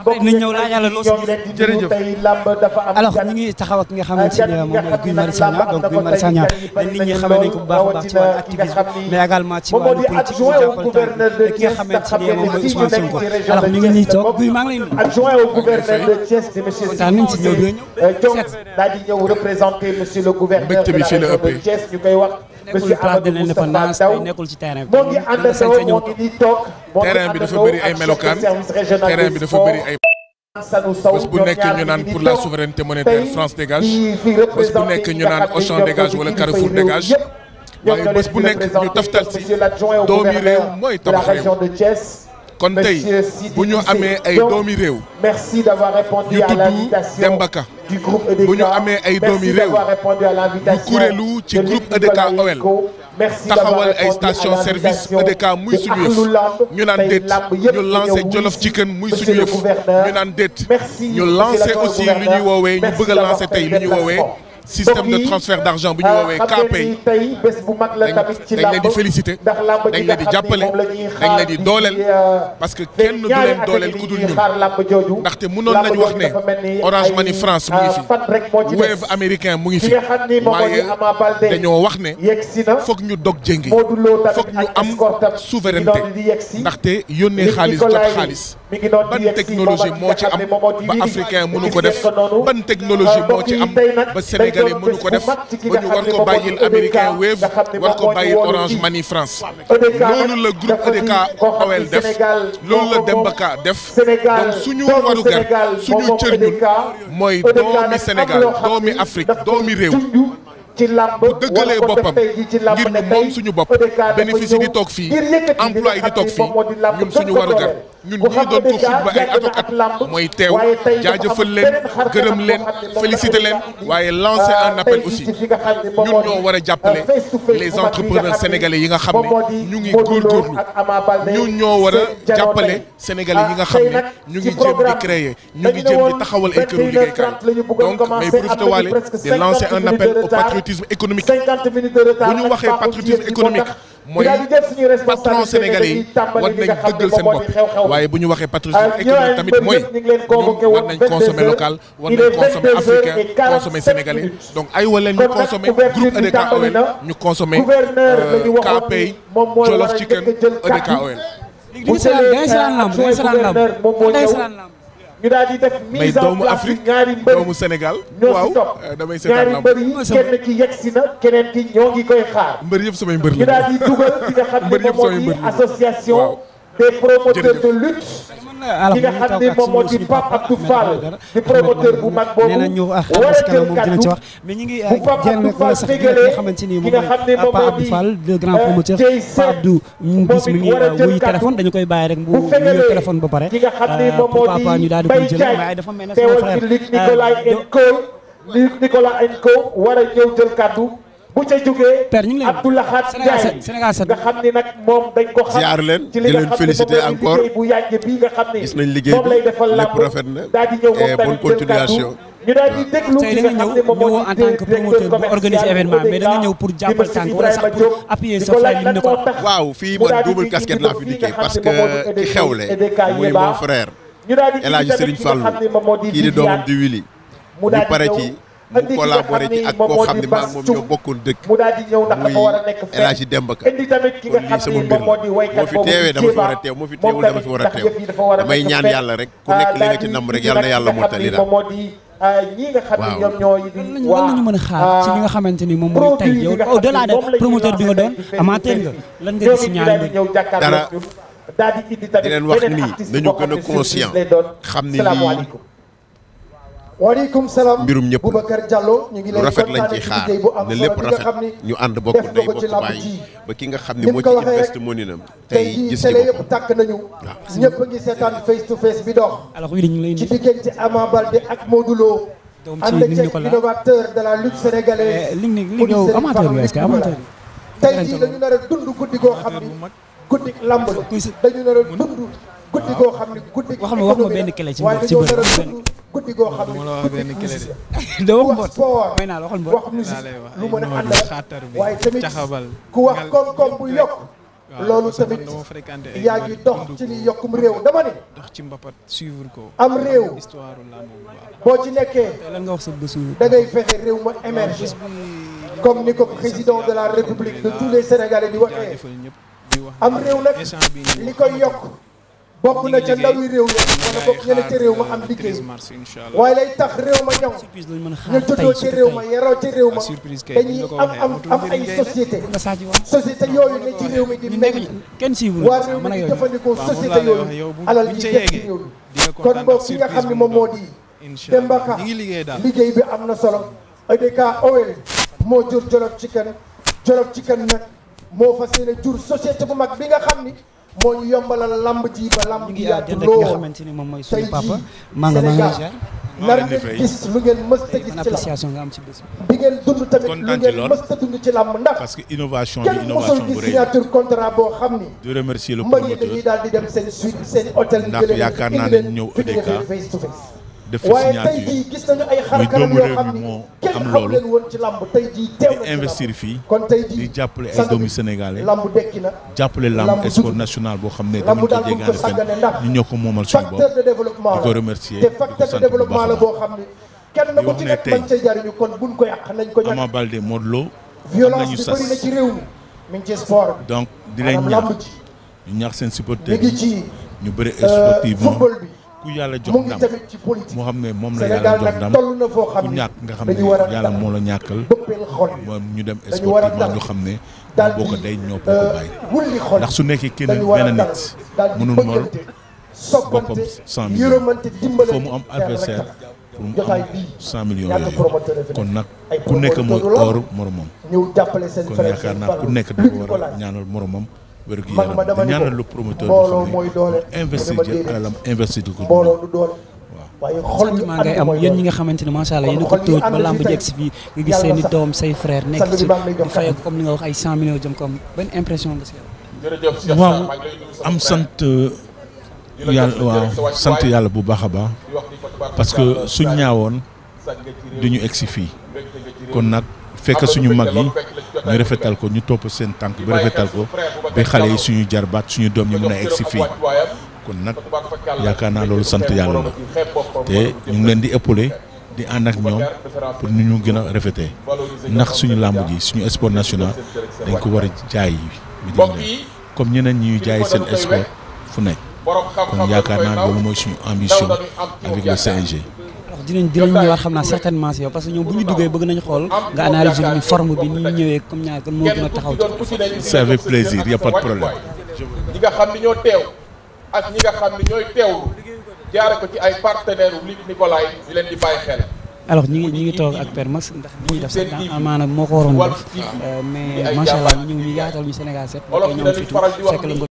après dinañ ñëw laaj yàlla loo si jërëjëf alors ñu ngi taxaw ak ki moom Guy Marius Sagna donc Guy Marius Sagna nit ñi xamee nañ bu baax a baax ci wàllu activisme mais également ci wàllu politique ñu jàppal ki nga xamante ne moom mooy Ousmane Sonko alors ñu ngi nii toog Guy maa ngi lay nuyu. adjoint au gouverneur de Thiès de monsieur kontaan nañ si ñëw dina ñëw. Euh, seet daal di ñëw représenter monsieur le gouverneur de la région de e Thiès ñu koy wax. nekkul place de l'indépendance tey nekkul ci terrain bi. moo ngi àndandoo bi dafa bëri ay melokaan terrain bi bu nekk ñu naan pour la souveraineté monétaire France dégage bés bu nekk ñu naan Auchan dégage wala Carrefour dégage waaye bés bu nekk ñu taftal si doomi réew mooy tabax réew. kon tey e bu ñu amee ay doomi réew. E merci d'avoir répondu bu ñu amee ay doomi réew yu kuréelu ci groupe EDK OL taxawal ay station service EDK muy suñu yëf ñu naan déet ñu lancé Jolof Chicken muy suñu yëf ñu naan déet ñu lancé aussi lu ñuy woowee ñu bëgg a tey lu ñuy woowee. système de transfert d'argent bu ñu woowee KPay dañ leen di féliciter dañ leen di jàppale dañ leen di dooleel euh, parce que kenn du leen dooleel ku dul ñun ndaxte mënoon nañu wax ne Orange Money France mu ngi euh, fi Wave américain mu ngi fi waaye dañoo wax ne foog ñu dog jéngi foog ñu am souveraineté ndaxte yónnee xaalis jot xaalis ban technologie euh, moo ci am ba africain mënu ko def ban technologie moo ci am ba Sénégal sénégalais mënu ko def ba ñu loolu la groupe EDK OL def loolu Ka def donc suñu waru gar suñu cër ñun mooy doomi Sénégal doomi Afrique doomi réew ci làmb bu dëggalee boppam ngir ñu moom suñu bopp bénéfice yi di toog fii emploi yi di toog fii ñun suñu waru ñun ñii doon ko xutba ay at ak at mooy teew jaajëfal leen gërëm leen féliciter leen waaye lancer un appel aussi euh, ñun ñoo war a jàppale les entrepreneurs sénégalais yi nga xam ne ñu ngi góorgóorlu ñun ñoo war a jàppale sénégalais yi nga xam ne ñu ngi jéem di créer ñu ngi jéem di taxawal ay këru liggéeykaay donc may profité di lancer un appel au patriotisme économique bu ñu waxee patriotisme économique. mooy patron sénégalais yi war nañ dëggal seen bopp waaye bu ñu waxee patriotisme ah, économique tamit mooy ñoom war nañ consommer local war nañ consommer africain consommer sénégalais donc ay wala ñu consommer groupe EDK OL ñu consommer euh, KPI Jollof Chicken EDK OL. ñu daal di def mise en place yi ñaari mbër doomu Sénégal ñoo si topp euh, yi kenn ki yegg si na keneen ki ñoo ngi koy xaar mbër yëpp samay mbër la daal di dugal di nga xam ne moom moo di association des promoteurs de lutte ki nga xam ni moom moo di Pape Abdou Fall di promoteur bu mag boobu nee na ñu xamas kanam moom dina ci wax mais ñi ngi euh, jël wala sax ki nga xamante ni moom mooy Pape Abdou Fall de grand euh, promoteur Pape Abdou ñu gis mi ngi wuyu téléphone dañu koy bàyyi rek mu wuyu téléphone ba pare euh, pourquoi pas ñu daal di koy jël waaye dafa mel ne sama frère Luc Nicolas Enco Luc Nicolas war a ñëw jël kaddu bu ca jógee. père ñu ngi lay Abdoulaye Ndiaye Sénégal nga xam ni nag moom dañ ko xam. ziar leen di leen féliciter encore bu yàgg bi nga xam ni. gis nañ liggéey bi lépp rafet na daal di ñëw eh, moom bonne continuation. ñu daal di déglu tey da nga ñëw ñëwoo en tant que promoteur bu organiser événement mais da nga ñëw pour jàppal tànk wala sax pour appuyer sa frère li mu ne ko. waaw fii man double casquette laa fi dikkee parce que ki xewle muy mon frère El Hadj Serigne Fallou kii di doomam di Willy ñu pare ci. mu collaboré ji ak koo xam ne maa moom ñoo bokkoon dëkk muy El Hadj Demba Ka kon lii sama mbir moo fi teewee a a damay ñaan yàlla rek ku nekk ah, li nga ci nam rek yàlla na yàlla ah, waaw lan la ñu mën a xaar ci li nga xamante ni moom mooy tey yow au de promoteur bi nga doon amateur nga lan nga gis ñaan nga dara di leen wax nii nañu gën a conscient xam ni lii waaleykum salaam mbirum ñëpp Boubacar Diallo ñu ngi lay rafet lañ ci xaar ne lépp rafet ñu ànd bokk ndey bokk bàyyi ba ki nga xam ne moo ci invest money nam tey gis ci boppam yëpp tàkk nañu waaw a ngi seetaan face to face bi dox ci diggante Ama Baldé ak Modou Lo ànd ak innovateur de la lutte sénégalaise eh, li ñëw amateur est-ce que amateur tey jii dañu nar a dund guddi goo xam ni guddi lamb dañu nar a dund guddi goo xam ne guddi wax ma wax ma benn clé ci mbot ci bër guddi goo xam ne benn clé de da wax mbot may naa la waxal mbot wax musique lu mën a àndal waaye tamit ku wax koom-koom bu yokk loolu tamit yaa ngi dox ci li yokkum réew dama ne dox ci mbapat suivre ko am réew boo ci nekkee lan nga wax sa bés da ngay fexe réew ma émerger comme ni ko président de la république de tous les sénégalais di waxee am réew nag li koy yokk bokk na ca ndawi réew ya wala bokk ñeneen ca réew ma am liggéey waaye lay tax réew ma ñoom ñu juddoo ci réew ma yaroo ci réew ma dañuy am ay société société yooyu ne ci réew mi di mel waa réew mi di jëfandikoo société yooyu alal yi def ci réew mi kon boog ki nga xam ne moom moo di Demba Ka liggéey bi am na solo EDK Owel moo jur Jolof Chicken Jolof Chicken moo fas yéene jur société bu mag bi nga xam ni moo ñu yombalal lamb ji ba lamb ji yaatu lool nga xamante ni moom mooy suñu papa maa nga maa nga nar ngeen gis lu a gis ci lu ngeen mës a ci lamb ndax parce que innovation la signature contrat boo xam ni di remercier le promoteur di dem seen suite seen hôtel ndax yaakaar naa ne ñëw face to def fa signature muy doomu réew mi moo am loolu di investir fii di jàppale ay doomi sénégalais jàppale lamb sport national boo xam ne dama ko jéegaane fenn ñu ñoo ko moomal suñu bopp di ko remercier di ko sant bu baax a baax di wax ne tey Ama Baldé Modou Lô am nañu sas donc di leen ñaax ñu ñaax seen supporter ñu bëri euh, sportivement ku yàlla jox ndam moo xam ne moom la yàlla jox ndam ku ñàkk nga xam ne yàlla moo la ñàkkal moom ñu dem sportivement ñu xam ne boo ko day ñoo boo ko bàyyi ndax su nekkee kenn benn nit mënul mol boppam cent millions il mu am adversaire pour mu am cent millions yooyu kon nag ku nekk mooy or moromam kon yaakaar naa ku nekk dafa war a moromam wér gu yaram ñaanal lu promoteur boo xam ne investir jël alalam investir ko waaye xol sentiment ngay am yéen ñi nga xamante ne macha allah yéen a ko tóoj ba lamb ji gis seen i doom say frère nekk ci comme li nga wax ay 100 millions jëm comme am. sant euh, yàlla sant yàlla bu baax a baax parce que suñ ñaawoon du ñu egsi fii kon nag fekk suñu mag yi. ñu rafetal ko ñu topp seen tànk bi rafetal ko bi xale yi suñu jarbaat suñu doom ñi mën a egg si fii kon nag yaakaar naa loolu sant yàlla la te ñu ngi leen di ëppale di ànd ak ñoom pour ñu ñu gën a rafetee ndax suñu làmb ji suñu sport national dañ ko war a jaay yi comme ñeneen ñuy jaay seen sport fu nekk kon yaakaar naa loolu mooy suñu ambition avec le CNG. dinañ dinañ ñëwaat xam naa certainement si yow parce que ñoom bu ñu duggee bëgg nañ xool nga analyser ñu forme bi ni ñu ñëwee comme ñaar kon moo a taxaw ci. c'est avec a teew ak ñi nga xam ni ñooy teewlu ak Père ndax li ñuy def sax maanaam moo ko waroon def euh, mais macha allah ñu ñëw ñu yaatal ñu Sénégal set ba ñoom surtout fekk la